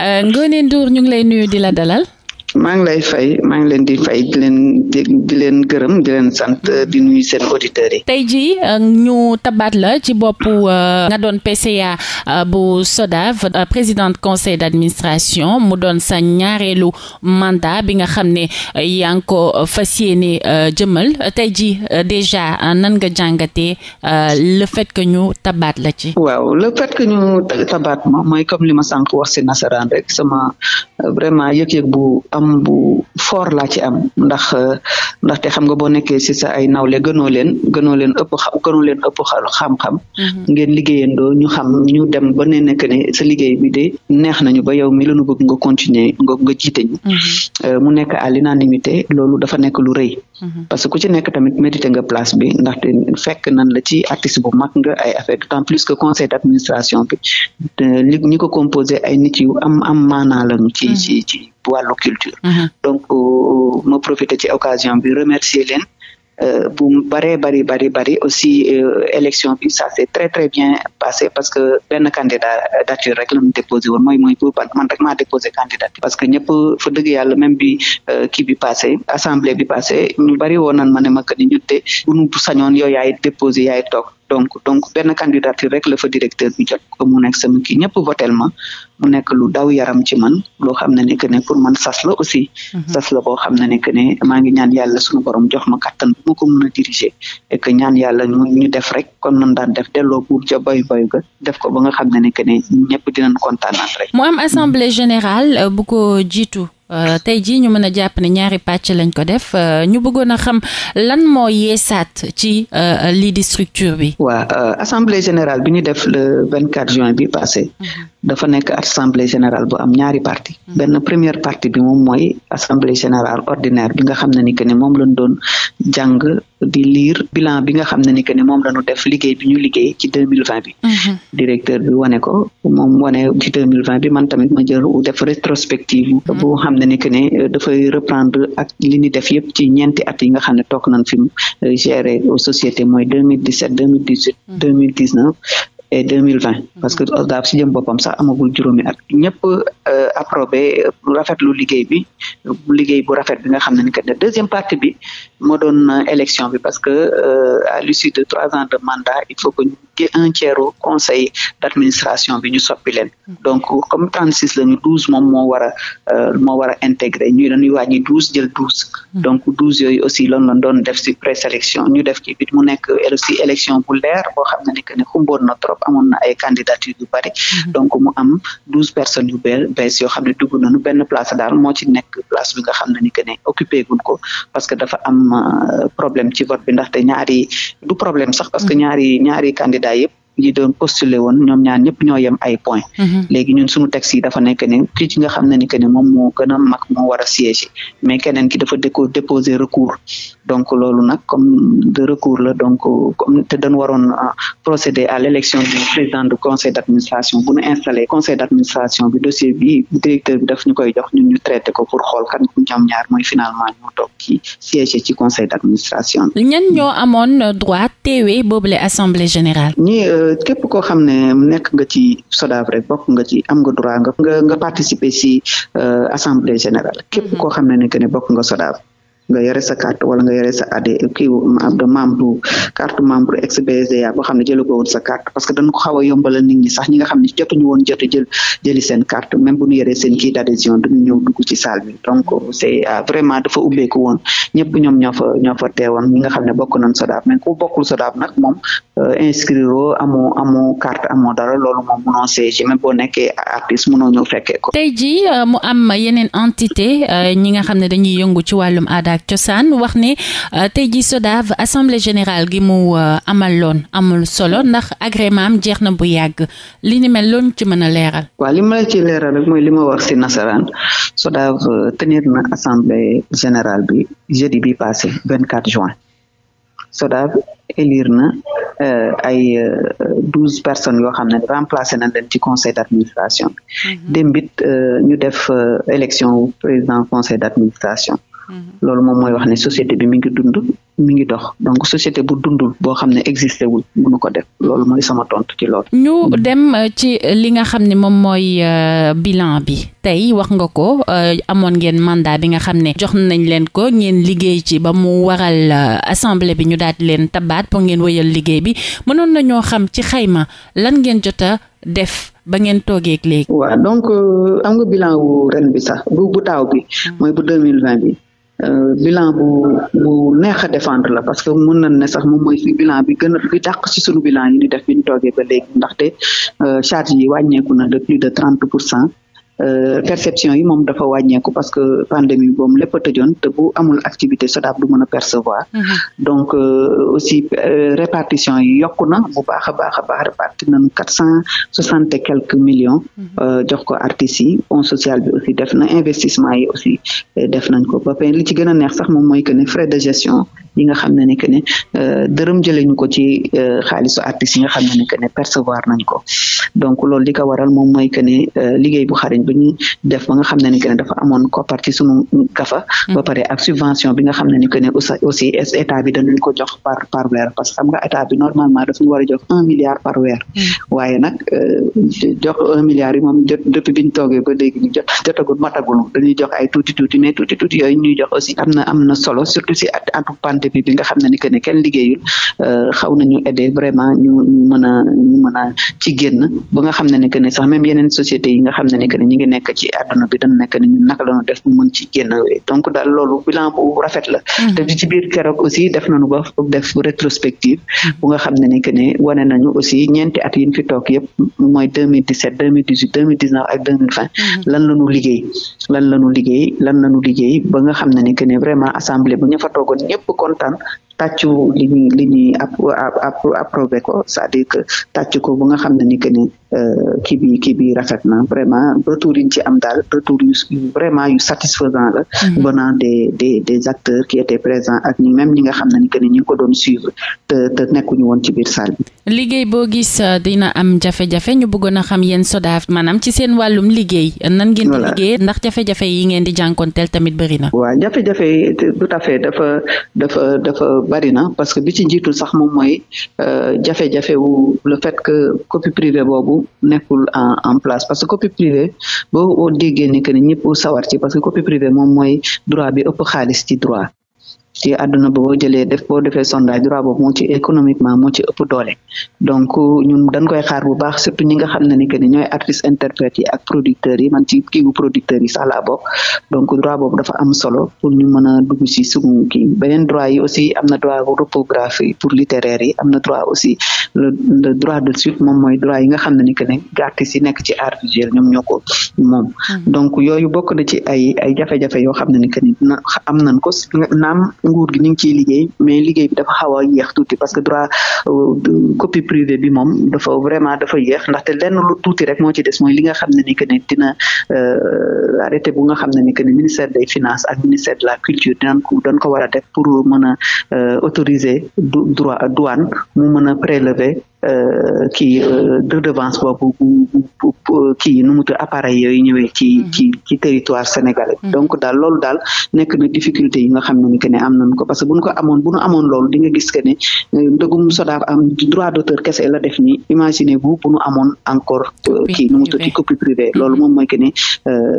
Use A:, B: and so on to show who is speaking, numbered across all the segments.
A: Euh, Ngoné nduur ñu ngi lay nuyu di la dalal.
B: maa ngi lay fay maa ngi leen di fay di leen leen gërëm di leen sant di nuyu seen auditeurs yi.
A: tey jii euh, ñu tabaat la ci bopp euh, nga doon PCA euh, bu SODAV présidente conseil d'administration mu doon sa ñaareelu mandat bi nga xam ne yaa ngi ko fas yéene jëmal tey jii déjà nan nga jàngate le fait que ñu tabaat la ci.
B: waaw le fait que ñu tabaat ma mooy comme li ma sànq wax si nasaraan rek sama vraiment yëg-yëg bu xam bu fort laa ci am ndax euh, ndaxte xam nga boo nekkee si sa ay nawle gënoo leen gënoo leen ëpp gënoo leen ëpp xam-xam mm-hmm. ngeen liggéeyandoo ñu xam ñu dem ba ne nekk ne sa liggéey bi de neex nañu ba yow mi la ñu bëgg nga continuer nga nga jiite mm-hmm. euh, mu nekk à l'unanimité loolu dafa nekk lu rëy Mm-hmm. parce que ku ci nekk tamit mérité nga place bi ndaxte fekk nan la ci artiste bu mag nga ay affaire d'autant plus que conseil d'administration bi li ñi ko composé ay nit yu am am maanaa lañu ci mm-hmm. ci ci wàllu culture mm-hmm. donc euh, ma profité ci occasion bi remercier leen Euh, bu baree bari bari bari aussi euh, élection bi sa s'est très très bien passé parce que benn candidature euh, rek la mu déposé woon mooy mooy pour man rek maa déposé candidature parce que ñëpp fa dëgg yàlla même bi kii bi passé assemblée bi passé ñu bari woon nañ ma ne ma que ni ñu te bu ñu sañoon yow déposé yaay toog donc donc benn candidature rek la fa directeur bi jot ko mu nekk sama kii ma lu daw yaram ci man xam ne ne que pour man sas la aussi mhm. sas la boo xam ne ne que ne maa ngi ñaan yàlla suñu borom jox ma kàttan bu ma ko mën a diriger et que ñaan yàlla ñu ñu rek kon mën daan def delloo buur ja bayu bayu ga def ko ba nga xam na ne que ne ñëpp dinañ kontaanaat rek mu am
A: assemblée générale euh, bu ko Euh, tey jii ñu mën a jàpp ne ñaari pàcc lañ ko def euh, ñu bëggoon a xam lan moo yeesaat ci euh, lii di structure bi. waaw assemblée générale bi ñu def le vingt quatre juin bi passé. Mhm. dafa nekk assemblée générale
B: bu am ñaari parti mm-hmm. benn première partie bi moom mooy assemblée générale ordinaire bi nga xam ne ni que ne moom lañ doon jàng di lire bilan bi nga xam ne ni que ne moom lañu def liggéey bi ñu liggéey ci deux mille vingt bi. Mm-hmm. directeur bi wane ko moom wane ci deux mille vingt bi man tamit ma jël def rétrospective. Mm-hmm. bu xam ne ni que ne euh, dafay reprendre ak li ñu def yëpp ci ñeenti at yi nga xam ne tok nañ fi mu euh, société mooy deux mille dix sept deux et deux mille vingt parce que OSDAF si jëm boppam sax amagul juróomi at ñëpp euh, approbé rafetlu liggéey bi liggéey bu rafet bi nga xam ne ni que ne deuxième partie bi moo doon euh, élection bi parce que euh, à l'issue de trois ans de mandat il faut que un tiers bi ñu soppi leen mm-hmm. donc comme trente moo a moo war a intégré ñu dañuy wàññi douze jël douze mm-hmm. donc douze yooyu aussi loolu la doon def si présélection ñu mu nekk aussi élection bu leer boo xam ne ni ne xumboon na trop amoon na ay candidature yu bari mhm. donc mu am douze personnes yu bees yoo xam ne dugg nu benn place daal moo ci nekk place bi nga xam ne ni que ne occupé guñ ko parce que dafa am euh, problème ci vote bi ndaxte ñaari du problème sax parce que mhm. ñaari ñaari candidat yëpp ñi doon postuler woon ñoom ñaar ñëpp ñoo yem ay point mhm. léegi ñun suñu texte dafa nekk ne ki nga xam ne ni ne moom moo gën a mag moo war a siéger mais ki dafa déposer recours donc loolu nag comme de recours la donc euh, à l'élection du président du conseil d'administration bu ñu installé conseil d'administration bi dossier bi directeur bi daf ñu koy jox ñu traité ko pour xool kan ñoom ñaar mooy finalement ñoo toog ci siéger ci conseil d'administration képp koo xam ne nekk nga ci SODAV rek bokk nga ci am nga droit nga nga participer si euh, assemblée générale képp mhm. koo xam ne nekk ne bokk nga SODAV nga yore sa carte wala nga yore sa AD kii de carte membre ex-BCEAO boo xam ne jëlu ko sa carte parce que dañ ko xaw a yombalal sax ñi xam ne jotuñu woon jotu jëli seen carte même bu ñu yoree seen kii d'adhésion duñu ñëw dugg ci salle bi euh, ku bokkul SODAV nag moom euh, inscrire amoo carte amoo dara loolu moom mënoo siège boo nekkee artiste mënoo ñëw fekkee
A: tey jii euh, mu am yeneen entité ñi xam ne dañuy yëngu ci wàllum aada aada cosaan wax ne euh, tey ji SODAV assemblée générale gi mu euh, amal loon amul solo ndax agrément am jeex na bu yàgg li ni mel loon ci mën a leeral. waaw li ma
B: ci leeral rek mooy li ma wax si nasaran SODAV euh, tenir na assemblée générale bi jeudi bi passé 24 juin SODAV élire na ay douze personnes yoo xam ne remplacé na leen ci conseil d'administration mhm. démbit ñu def élection président conseil d'administration Mhm. loolu moom mooy wax ne société bi mu ngi dund mi ngi dox donc société bu dundul boo xam ne existé wul mënu ko def loolu mooy sama tontu ci loolu.
A: ñu dem euh, ci euh, li nga xam ne moom mooy euh, bilan bi tey wax nga ko amoon ngeen mandat bi nga xam ne jox nañ leen ko ngeen liggéey ci ba mu waral assemblée bi ñu daal di leen tabaat pour ngeen wéyal liggéey bi mënoon nañoo xam ci xayma lan ngeen jot a def. ba ngeen toogee léegi. waaw donc
B: am nga bilan wu ren bi sax bu bu daaw mhm. bu deux mille vingt bi Euh, bilan bu bu neex a défendre la parce que mën nañ ne sax moom mooy fi bilan bi gën a bi dàq ci sunu bilan yi ñu def bi ñu toogee ba léegi ndaxte euh, charge yi wàññeeku na de plus de trente pour cent Euh, perception yi moom dafa wàññeeku parce que pandémie boobu lépp a tëjoon te bu amul activité SODAV du mën a percevoir. Mm-hmm. donc euh, aussi euh, répartition yi yokku na bu baax a baax a baax réparti nañu quatre cent soixante et quelques million mm-hmm. jox ko artistes yi fonds social bi aussi def na investissement yi aussi def nañ ko ba li ci gën a neex sax moom mooy que ne frais de gestion. yi nga xam ne ne que ne dërëm jëlee ñu ko ci xaalisu artistes yi nga xam ne ne que ne percevoir nañ ko donc loolu li bu xarañ lu ñu def ba nga xam ne ni que ne dafa amoon koppar ci sunu kafa. ba mm-hmm. pare a subvention bi nga xam ne ni que ne aussi état bi dañu ko jox par par weer parce que xam nga état normalement daf ñu war a un milliard par weer. Mm-hmm. waaye nag euh, jox un milliard yi moom jot depuis biñ toogee ba aussi am na solo surtout si atu pandémie bi nga xam ne ni que ne kenn liggéeyul euh, xaw nañu ñu ñu mën a ñu mën a ci génn ba nga xam ne ni que sax même yeneen sociétés yi nga xam ne ni que ñi ngi nekk ci àdduna bi dañ nekk ni ñun la ñu def mu mën ci génn donc daal loolu bilan bu rafet la hmm. te ci biir keroog aussi def nañu ba def rétrospective hmm. bu xam ne ni que ne wane nañu aussi ñeenti at yi ñu fi toog yëpp mooy 2017 2018 2019 ak 2020 hmm. lan lañu liggéey lan lañu liggéey lan lañu liggéey ba nga xam ne ni que vraiment assemblée bu ñu fa toogoon ñëpp kontaan tàccu li ñu li ñuy ko bu nga xam ne ni que ni euh, kii kii bi rafet na vraiment retour yi ñu ci am daal retour yu vraiment yu satisfaisant la venant mm-hmm. des des des acteurs qui étaient présents ak même ñi nga xam ne ni ñu ko doon suivre te te nekkuñu woon ci biir salle
A: liggéey boo gis euh, dina am jafe-jafe ñu bëggoon a xam yéen SODAV maanaam ci seen wàllum liggéey nan ngeen di liggéey ndax jafe-jafe yi ngeen di jànkonteel tamit bëri na
B: jafe-jafe yi tout à dafa dafa bari na parce que bi ci jiitu sax moom mooy euh, jafe-jafe wu le fait que copie privée boobu nekkul en en place parce que copie privée boo déggee ni que ni ñëpp sawar ci parce que copie privée moom mooy droit bi ëpp xaalis ci droit ci àdduna bi boo jëlee def boo defee sondage droit boobu moo ci économiquement moo ci ëpp doole donc ñun dañ bu baax surtout ñi nga xam ne ni que ni am solo pour ñu mën a dugg ci suñu kii beneen droit yi am na droit reprographie pour littéraire yi am na droit aussi le droit de suite moom mooy droit yi nga xam ne ni que ne artistes yi nekk ci art visuel ñoom ñoo ko moom hmm. donc yooyu bokk ay jafe-jafe yoo xam ne ni que am nañ ko naam nguur gi ñu ngi ciy liggéey mais liggéey bi dafa xaw a tuuti parce que droit euh, copie privée bi moom dafa vraiment dafa yéex ndaxte lenn lu tuuti rek moo ci des mooy li nga xam ne ni que ne dina euh, arrêté bu nga xam ne ni que ne ministère de finances a ministère de la culture dinañ ko dañ ko war a def pour mën a euh, autoriser droit douane mu mën a prélever kii euh, redevance euh, boobu bu bu kii nu mu appareil yooyu ñëwee ci mm-hmm. ci ci territoire sénégalais mm-hmm. donc daal loolu daal nekk na difficulté yi nga xam ne ni que ne am nañu ko parce que bu ñu ko amoon bu ñu amoon loolu di nga gis que ne euh, ndëgum sodaaf am droit d'auteur kese la def ni imaginez vous bu ñu amoon encore kii nu mu tudd ci privée mm-hmm. loolu moom mooy que ne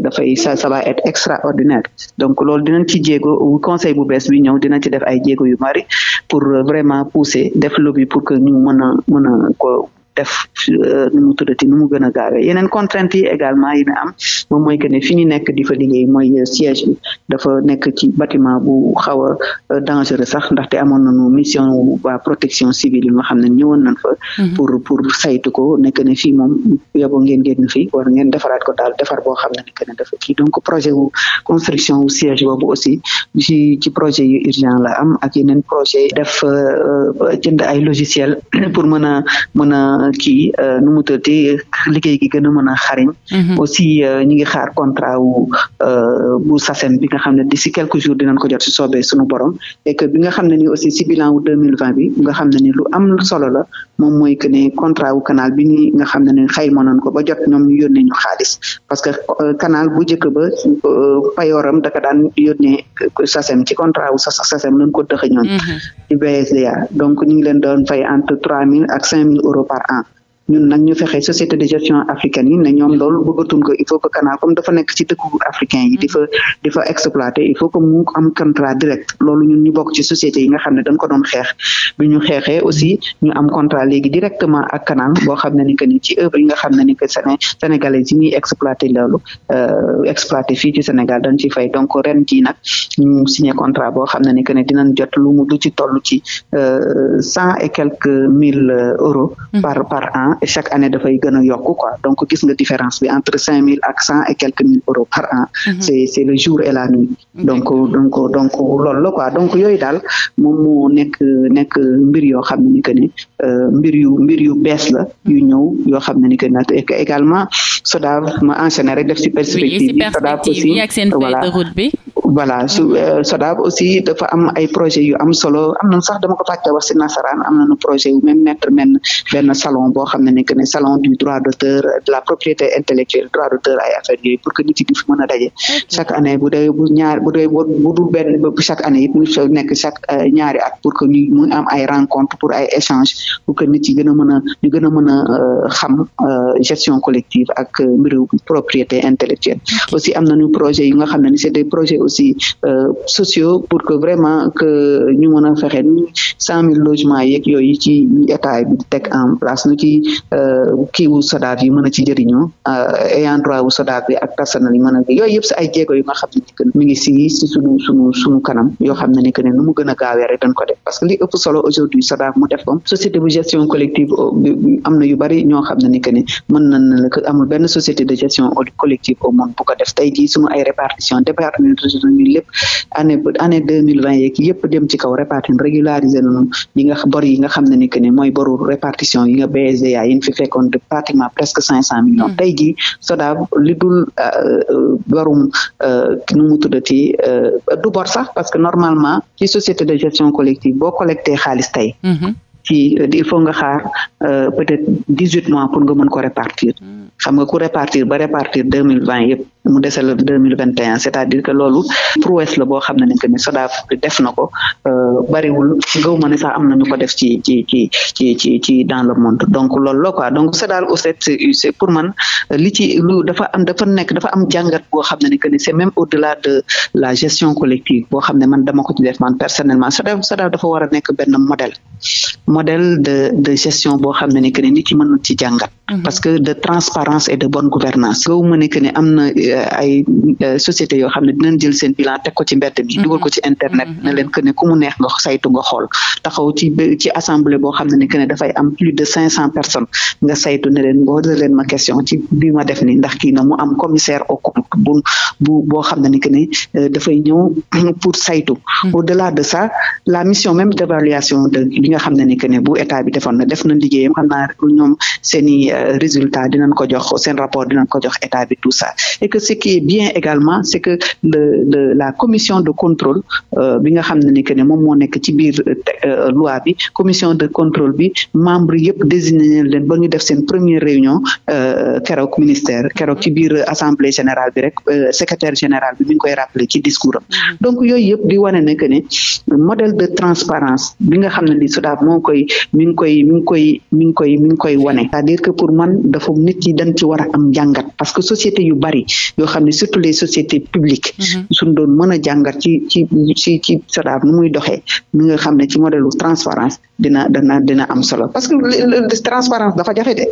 B: dafay ça ça va être extraordinaire donc loolu dina ci jéego conseil bu bees bi ñëw dina ci def ay jéego yu bari pour vraiment pousser def lobby ko def euh, nu mu tuddati nu mu gën a gaawee yeneen contrainte yi également yi am moom mooy que ne fi ñu nekk di fa liggéey mooy euh, siège bi dafa nekk ci bâtiment bu xaw a euh, dangereux sax ndaxte amoon na nañu mission waa protection civile yi nga xam ne ñëwoon nañ fa mm-hmm. pour pour saytu ko nekk ne fii moom yoboo ngeen génn fii war ngeen defaraat ko daal defar boo xam ne nekk ne dafa kii donc projet wu construction wu boobu aussi ci ci projet yu urgent la am ak yeneen projet def jënd ay logiciel pour mën a a kii euh, nu mu tëddee liggéey gi gën a mën xariñ mhm. aussi euh, ñu xaar contrat wu euh, bu SACEM bi nga xam ne d'ici quelques jours dinañ ko jot si soobee suñu borom et que bi nga xam ne ni lu am solo la moom mooy que ni contrat wu canal bi ni nga xam ne ni xayma nañ ko ba jot ñoom ñu yónnee ñu xaalis parce que canal bu njëkk ba payooram daka daan yónnee SACEM ci contrat wu SACEM lañ ko dëxëñoon mhm. ci BSDA donc ñu doon fay entre trois mille ak cinq mille euros par an ñun nag na fexe société de gestion africaine yi ne ñoom loolu bëggatun ko il faut que canal comme dafa nekk ci dëkku africain yi di fa di fa exploité il faut que mu am contrat direct loolu ñun ñu bokk ci société yi nga xam ne ko doon xeex bi ñu xeexee aussi ñu am contrat léegi directement ak canal boo xam ne ni que ni ci œuvre yi nga xam ne ni que séné sénégalais yi ñuy exploité loolu euh, exploité fii ci Sénégal dañ ciy fay donc ren jii nag ñu signé contrat boo xam ne ni que ne dinañ jot lu mu lu ci tollu ci euh, cent et quelques mille euh, euros mmh. par et chaque année dafay gën a yokk quoi donc gis nga différence bi entre cinq mille ak cent et quelques mille euros par an. Mm -hmm. c'est c'est le jour et la nuit. Okay. donc donc donc loolu la quoi donc yooyu daal moom moo nekk nekk mbir yoo xam ne ni que ne euh, mbir yu mbir yu bees la yu ñëw yoo xam ne ni que SODAV ma enchaîner def ci perspective
A: yi mm-hmm.
B: euh, SODAV aussi dafa am ay projet yu am solo am na sax dama ko fàtte wax ci nasaraan am nañu projet yu même mettre salon boo xam ne ne que ne salon du droit d'auteur de la propriété intellectuelle droit d'auteur ay affaire pour que nit yi di a daje chaque année bu dee bu ñaar bu benn bu chaque année it muy nekk chaque euh, ñaari at rencontre pour que nit yi gën a a ñu a mën a euh, xam euh, gestion collective ak mbiru propriété intellectuelle aussi am nañu projet yi nga xam ne ni c'est des projets aussi sociaux pour que vraiment que ñu a fexe ni cent mille logements yeeg état bi en place nu ci Euh, ki wu SODAV yi mën a ci jëriñoo euh, ayant droit wu SODAV bi ak yooyu yëpp si ay jéego yo nga xam ngi si si sunu sunu sunu kanam yoo xam ne ni que ne nu mu gën a gaawee solo aujourd'hui SODAV mu def ko société bu gestion collective euh, am na ni que ne mën nañ na la amul benn société de gestion collective au monde bu ko def tey ay répartition département lépp année année deux yëpp dem ci kaw répartition régulariser yi nga xam ne ni que ne mooy boru répartition yi BSDA yi ñu fi fekkoon de pratiquement presque cinq cent millions hmm. tey jii SODAV li dul barum euh, euh, nu mu euh, du bor sax parce que normalement ci société de gestion collective boo collecté xaalis tey hmm. ci il faut nga xaar dix huit mois pour nga mën ko répartir hmm. xam nga ku répartir ba répartir deux mille vingt yëpp mu desal deux mille vingt et un c'est-à-dire que loolu prouesse la boo xam ne que ni def na ko euh, bariwul gëw ma ne sax am na ñu ko def ci ci ci ci ci ci dans le monde donc loolu la quoi donc c'est daal au fait pour man li ci lu dafa am dafa nekk dafa am jàngat boo xam ne que ni c'est même au-delà de la gestion collective boo xam ne man dama ko ci def man personnellement SODAV SODAV dafa war a nekk benn modèle modèle de gestion boo xam ne que ni nit ci mënul ci jàngat. Mhm. parce que de transparence et de bonne gouvernance gaw ma ne que ne am na euh, ay euh, sociétés yoo xam ne dinañ jël seen bilan teg ko ci mbedd mi mhm. dugal ko ci internet mhm. ne leen que ne ku mu neex nga saytu nga xool taxaw ci ci assemblée boo xam ne ne que dafay am plus de cinq cent personnes nga saytu ne leen boo leen ma question ci bi ma def ni ndax kii na mu am commissaire au boo xam ne ne que ne euh, dafay ñëw pour saytu au delà de ça la mission même d'évaluation de li nga xam ne ne que ne bu état bi defoon na def na liggéeyam xam naa ñoom seeni Euh, résultat dinañ ko jox seen rapport dinañ ko jox état bi tout et que ce qui est bien également c'est que la commission de contrôle euh, bi nga xam ne ni ne moom moo nekk ci biir euh, loi bi commission de contrôle bi membre yëpp désigné nañ leen ba ñu def seen première réunion keroog ministère keroog ci biir assemblée générale bi rek secrétaire général bi mi ngi koy rappelé ci discours mm-hmm. donc yooyu yëpp di wane ne que ne modèle de transparence bi nga xam ne ni SODAV moo koy mi koy mi koy mi koy wane cest à pour man dafa nit yi dañ ci war a am jàngat parce que société yu bari yoo xam ne surtout les sociétés publiques mhm. suñ doon mën a jàngat ci ci ci ci Sodav nu muy doxee mi nga xam ne ci modèle u transparence dina dina dina am solo parce que transparence dafa jafe de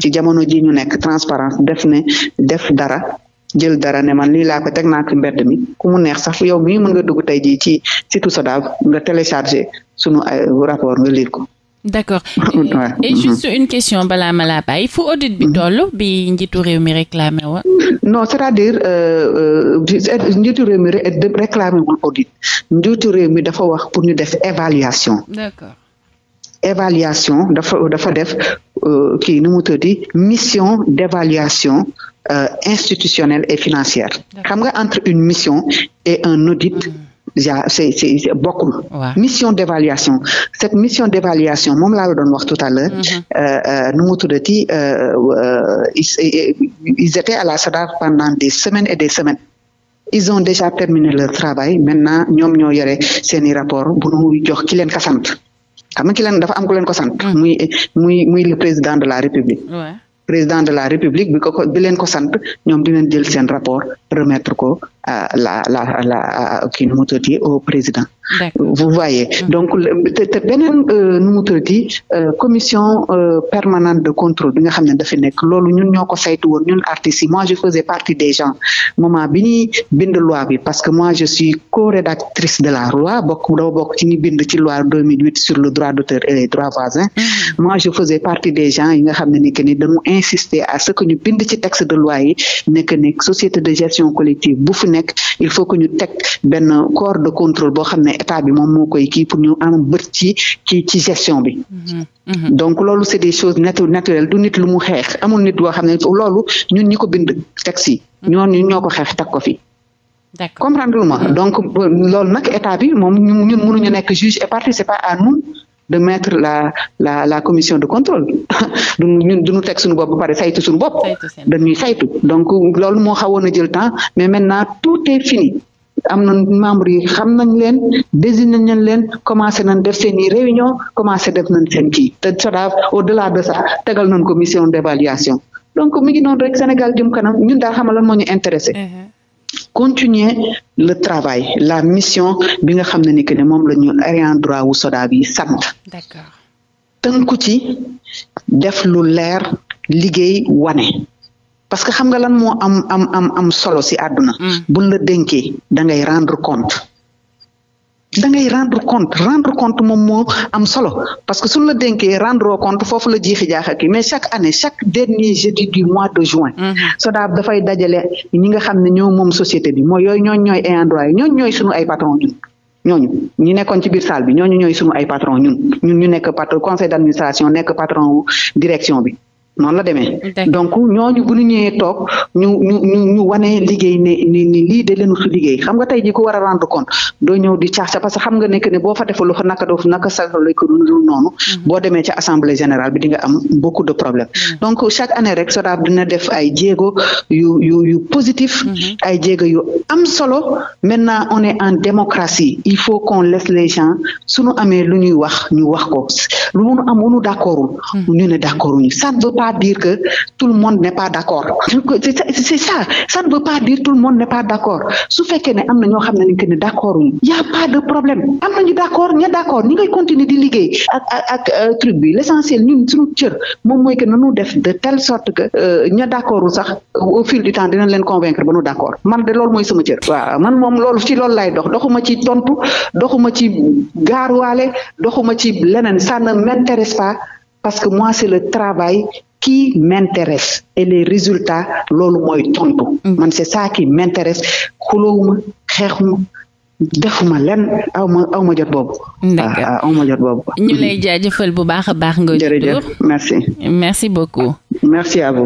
B: ci jamono ji ñu nekk transparence def ne def dara jël dara ne man lii laa ko teg naa ko mbedd mi ku mu neex sax yow mii mën nga dugg tey jii ci surtout Sodav nga télécharger sunu euh, rapport nga lire ko
A: d'accord et juste une question balaa ma laa bàyyi fu audit bi mhm. toll bi njiitu réew mi réclamé woon non c'est-à-dire
B: euh, euh, njiitu réew mi réclamé wul audit njiitu réew mi dafa wax pour ñu def évaluation d'accord évaluation dafa dafa def euh, kii nu mu tëddi mission d'évaluation institutionnelle et financière xam nga entre une mission et un audit mhm. ja c'est c'est bokkul mission d'évaluation cette mission d'évaluation moom laa doon wax tout à l'heure mm-hmm. euh, euh, nu mu tuddati euh, ils étaient à la SODAV pendant des semaines et des semaines ils ont déjà terminé leur travail maintenant ñoom ñoo yore seen i rapport bu nu jox ki leen ko sant xam nga dafa am ku leen ko sant mm. muy muy muy le président de la république président de la république bi ko bi leen ko sant ñoom dinañ jël seen rapport remettre ko à la la la kii nu mu tuddati au président. vous voyez mm. donc te te beneen euh, nu mu tuddati euh, commission euh, permanente de contrôle bi nga xam ne dafa nekk loolu ñun ñoo ko saytu woon ñun artistes yi moi je faisais partie des gens moment bi ñuy bind loi bi parce que moi je suis co de la loi bokk dama bokk ci ñi bind ci loi 2008 sur le droit d'auteur et les droits mm. moi je faisais partie des gens yi nga xam ne ni que ni dañu insister à ce que ñu bind ci texte de loi yi nekk nekk société de gestion collective nekk il faut que ñu teg benn corps de contrôle boo xam ne état bi moom moo koy kii pour ñu am bët ci ci ci gestion bi. Mm-hmm. Mm-hmm. donc loolu c'est des choses naturelles du nit lu mu xeex amul nit boo xam ne loolu ñun ñi bind taxi ñooñu ñoo ko xeex teg ko fi. comprendre lu mm-hmm. donc loolu nag état bi moom ñun mënuñu nekk juge et partie c'est pas à nous de mettre la la la commission de contrôle du ñun du ñu teg suñu bopp ba pare saytu suñu bopp. dañuy saytu donc loolu moo xawoon a jël temps mais maintenant tout est fini. am na membre xam nañ leen désigné nañ leen commencé na def seen i réunion commencé def nañ seen kii te SODAV au delà de ça tegal nañ commission d' évaluation donc mi ngi noonu rek Sénégal jëm kanam ñun daal xamal lan moo intéressé. Uh-huh. continuer le travail la mission bi nga xam ne ni que ne moom la ñu ayant droit wu soda bi sant d'accord tënku ci def lu leer liggéey wane parce que xam nga lan moo am am am am solo si àdduna. Mm. buñ la dénkee da rendre compte dangay ngay rendre compte rendre compte moom moo am solo parce que suñu la dénkee rendre compte foofu la jiixi jaaxa ki mais chaque année chaque dernier jeudi du mois de juin. Mm-hmm. SODAV dafay dajale i nga xam ne ñoo moom société bi mooy yooyu ñooñu ñooy ayants droit yi ñooñu ñooy suñu ay patron yi. ñooñu ñu nekkoon ci biir salle bi ñooñu ñooy suñu ay patron ñun ñun ñu nekk patron conseil d'administration nekk patron direction bi noonu la demee donc ñooñu bu ñu ñëwee toog ñu ñu ñu wane liggéey ne ni ni lii de leenu su liggéey xam nga tey ji ku war a rendre compte doo ñëw di caax ca parce que xam nga ne que ne boo fa defal lu fa naka doof naka saxla boo demee ca assemblée générale bi di nga am beaucoup de problèmes mm-hmm. donc chaque année rek SODAV dina def ay jéego yu yu yu positif mm-hmm. ay jéego yu am solo maintenant on est en démocratie il faut qu'on laisse les gens suñu amee lu ñuy wax ñu wax ko lu munu am wunu d'accordul mm-hmm. ñu ne pas dire que tout le monde n'est pas d'accord c'est ça ça ne pas dire tout le monde n'est pas d'accord su fekkee ne am na ñoo xam ne nañ d'accord uñu a pas de problème am nañu d'accord ña d'accord ñi ngay continuer di liggéey ak ak euh, l'essentiel ñun suñu cër moom mooy que nanu def de telle sorte que euh, ña d'accord sax au fil du temps dinañ leen convaincre ba nu d'accord man de loolu mooy sama cër waaw man moom loolu ci loolu lay dox doxuma ci tontu doxuma ci parce que moi c'est le travail qui m'intéresse et les résultat loolu mooy tontu. Mm. man c'est ça qui m'intéresse xulóowuma xeexuma defuma len aw ma aw ma jot boobu. d'accord ah, ah, aw ma jot boobu. ñu lay
A: jaajëfal bu baax a baax. nga jërëjëf merci. merci
B: beaucoup. merci à vous.